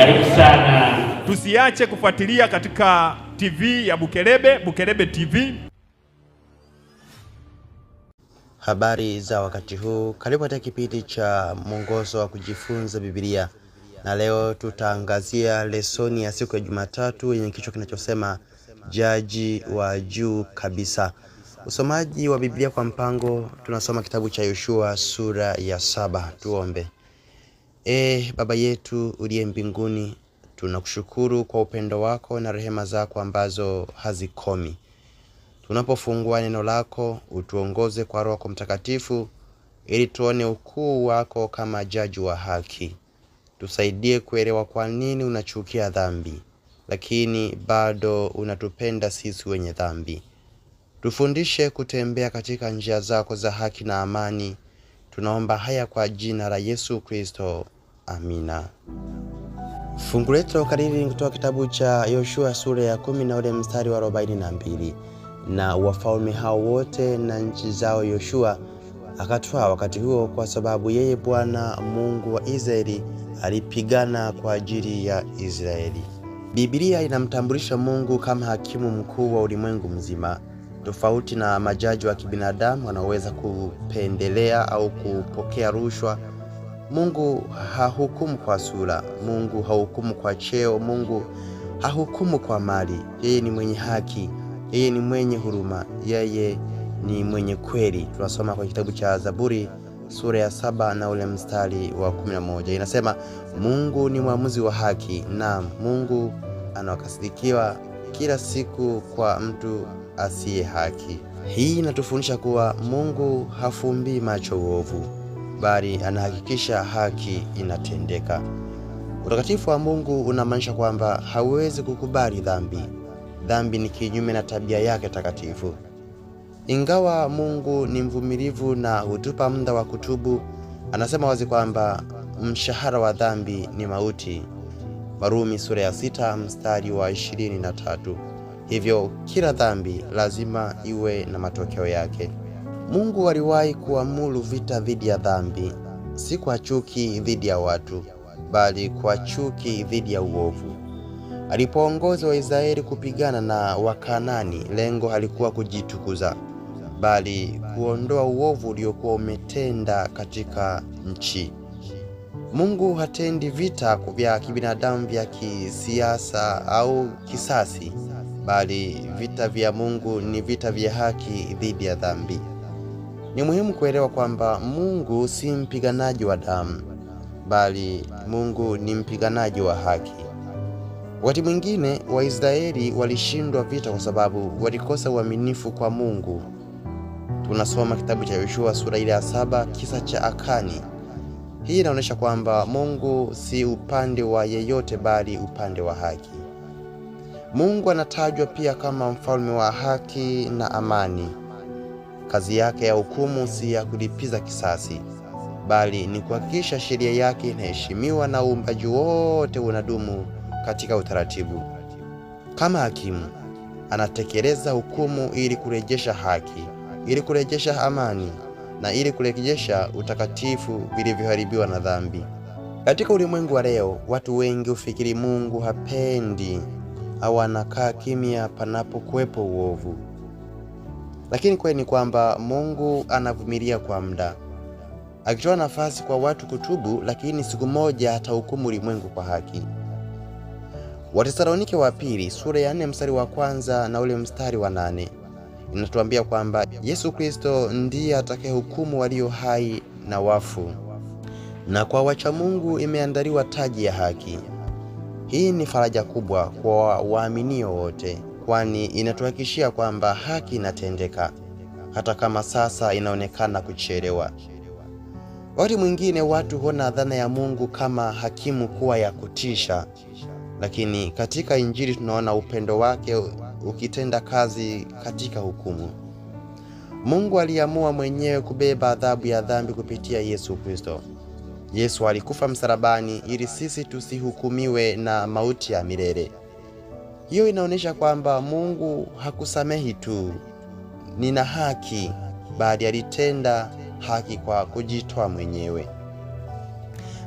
Karibu sana. Tusiache kufuatilia katika TV ya Bukelebe, Bukelebe TV. Habari za wakati huu, karibu katika kipindi cha mwongozo wa kujifunza Biblia, na leo tutaangazia lesoni ya siku ya Jumatatu yenye kichwa kinachosema jaji wa juu kabisa. Usomaji wa Biblia kwa mpango, tunasoma kitabu cha Yoshua sura ya saba. Tuombe. E Baba yetu uliye mbinguni, tunakushukuru kwa upendo wako na rehema zako ambazo hazikomi. Tunapofungua neno lako, utuongoze kwa Roho Mtakatifu ili tuone ukuu wako kama jaji wa haki. Tusaidie kuelewa kwa nini unachukia dhambi, lakini bado unatupenda sisi wenye dhambi. Tufundishe kutembea katika njia zako za haki na amani. Tunaomba haya kwa jina la Yesu Kristo. Amina. Fungu letu la ukariri kutoka kitabu cha Yoshua sura ya kumi na ule mstari wa arobaini na mbili na wafalme hao wote na nchi zao Yoshua akatwaa wakati huo, kwa sababu yeye Bwana Mungu wa Israeli alipigana kwa ajili ya Israeli. bibilia inamtambulisha Mungu kama hakimu mkuu wa ulimwengu mzima, tofauti na majaji wa kibinadamu wanaoweza kupendelea au kupokea rushwa Mungu hahukumu kwa sura, Mungu hahukumu kwa cheo, Mungu hahukumu kwa mali. Yeye ni mwenye haki, yeye ni mwenye huruma, yeye ni mwenye kweli. Tunasoma kwenye kitabu cha Zaburi sura ya saba na ule mstari wa kumi na moja inasema, Mungu ni mwamuzi wa haki, na Mungu anawakasirikiwa kila siku kwa mtu asiye haki. Hii inatufundisha kuwa Mungu hafumbi macho uovu bali anahakikisha haki inatendeka. Utakatifu wa Mungu unamaanisha kwamba hauwezi kukubali dhambi. Dhambi ni kinyume na tabia yake takatifu. Ingawa Mungu ni mvumilivu na hutupa muda wa kutubu, anasema wazi kwamba mshahara wa dhambi ni mauti. Warumi sura ya sita mstari wa ishirini na tatu. Hivyo kila dhambi lazima iwe na matokeo yake. Mungu aliwahi kuamuru vita dhidi ya dhambi, si kwa chuki dhidi ya watu, bali kwa chuki dhidi ya uovu. Alipoongoza Waisraeli kupigana na Wakanani, lengo halikuwa kujitukuza, bali kuondoa uovu uliokuwa umetenda katika nchi. Mungu hatendi vita vya kibinadamu vya kisiasa au kisasi, bali vita vya Mungu ni vita vya haki dhidi ya dhambi. Ni muhimu kuelewa kwamba Mungu si mpiganaji wa damu, bali Mungu ni mpiganaji wa haki. Wakati mwingine Waisraeli walishindwa vita kwa sababu walikosa uaminifu kwa Mungu. Tunasoma kitabu cha Yoshua sura ile ya saba kisa cha Akani. Hii inaonyesha kwamba Mungu si upande wa yeyote, bali upande wa haki. Mungu anatajwa pia kama mfalme wa haki na amani. Kazi yake ya hukumu si ya kulipiza kisasi, bali ni kuhakikisha sheria yake inaheshimiwa na uumbaji wote unadumu katika utaratibu. Kama hakimu anatekeleza hukumu ili kurejesha haki, ili kurejesha amani na ili kurejesha utakatifu vilivyoharibiwa na dhambi. Katika ulimwengu wa leo, watu wengi hufikiri Mungu hapendi au anakaa kimya panapokuwepo uovu. Lakini kweli ni kwamba Mungu anavumilia kwa muda, akitoa nafasi kwa watu kutubu, lakini siku moja atahukumu ulimwengu kwa haki. Watesalonike wa pili sura ya 4 mstari wa kwanza na ule mstari wa nane inatuambia kwamba Yesu Kristo ndiye atakayehukumu walio hai na wafu, na kwa wacha Mungu imeandaliwa taji ya haki. Hii ni faraja kubwa kwa waaminio wote kwani inatuhakikishia kwamba haki inatendeka hata kama sasa inaonekana kuchelewa. Wakati mwingine watu huona dhana ya Mungu kama hakimu kuwa ya kutisha, lakini katika Injili tunaona upendo wake ukitenda kazi katika hukumu. Mungu aliamua mwenyewe kubeba adhabu ya dhambi kupitia Yesu Kristo. Yesu alikufa msalabani ili sisi tusihukumiwe na mauti ya milele. Hiyo inaonyesha kwamba Mungu hakusamehi tu, nina haki, bali alitenda haki kwa kujitoa mwenyewe.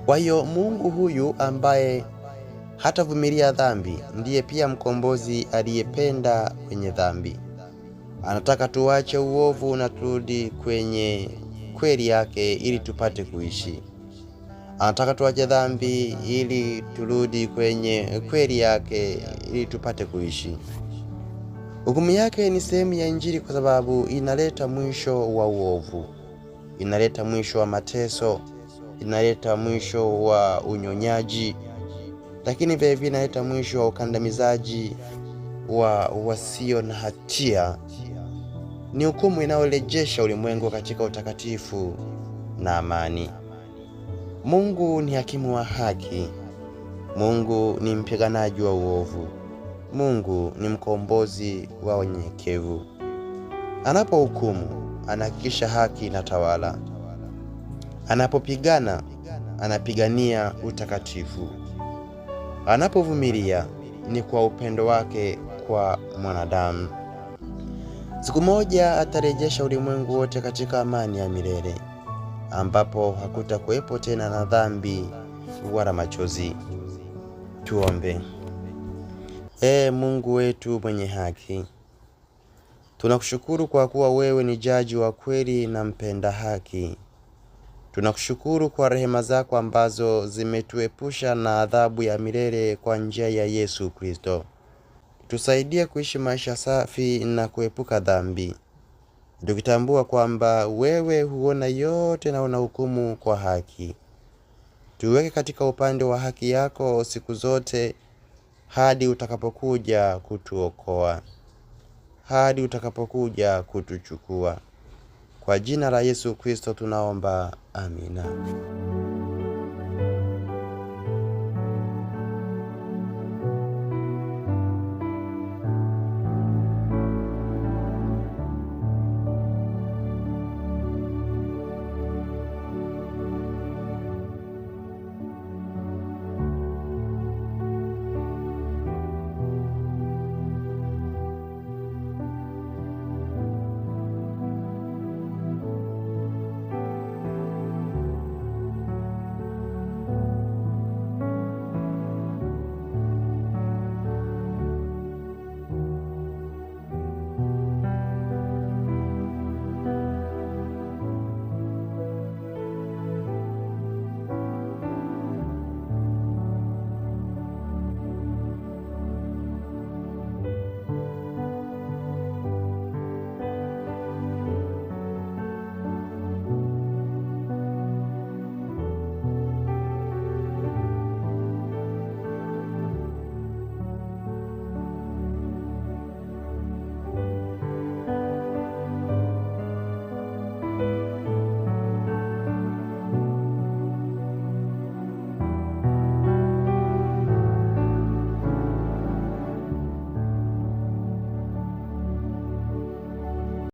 Kwa hiyo Mungu huyu ambaye hatavumilia dhambi ndiye pia mkombozi aliyependa kwenye dhambi. Anataka tuwache uovu na turudi kwenye kweli yake ili tupate kuishi anataka tuache dhambi ili turudi kwenye kweli yake ili tupate kuishi. Hukumu yake ni sehemu ya Injili kwa sababu inaleta mwisho wa uovu, inaleta mwisho wa mateso, inaleta mwisho wa unyonyaji, lakini vilevile inaleta mwisho wa ukandamizaji wa wasio na hatia. Ni hukumu inayorejesha ulimwengu katika utakatifu na amani. Mungu ni hakimu wa haki. Mungu ni mpiganaji wa uovu. Mungu ni mkombozi wa wanyenyekevu. Anapohukumu, anahakikisha haki inatawala. Anapopigana, anapigania utakatifu. Anapovumilia, ni kwa upendo wake kwa mwanadamu. Siku moja atarejesha ulimwengu wote katika amani ya milele ambapo hakutakuwepo tena na dhambi wala machozi. Tuombe. Ee Mungu wetu mwenye haki, tunakushukuru kwa kuwa wewe ni jaji wa kweli na mpenda haki. Tunakushukuru kwa rehema zako ambazo zimetuepusha na adhabu ya milele kwa njia ya Yesu Kristo. Tusaidie kuishi maisha safi na kuepuka dhambi tukitambua kwamba wewe huona yote na unahukumu kwa haki. Tuweke katika upande wa haki yako siku zote hadi utakapokuja kutuokoa, hadi utakapokuja kutuchukua. Kwa jina la Yesu Kristo tunaomba, amina.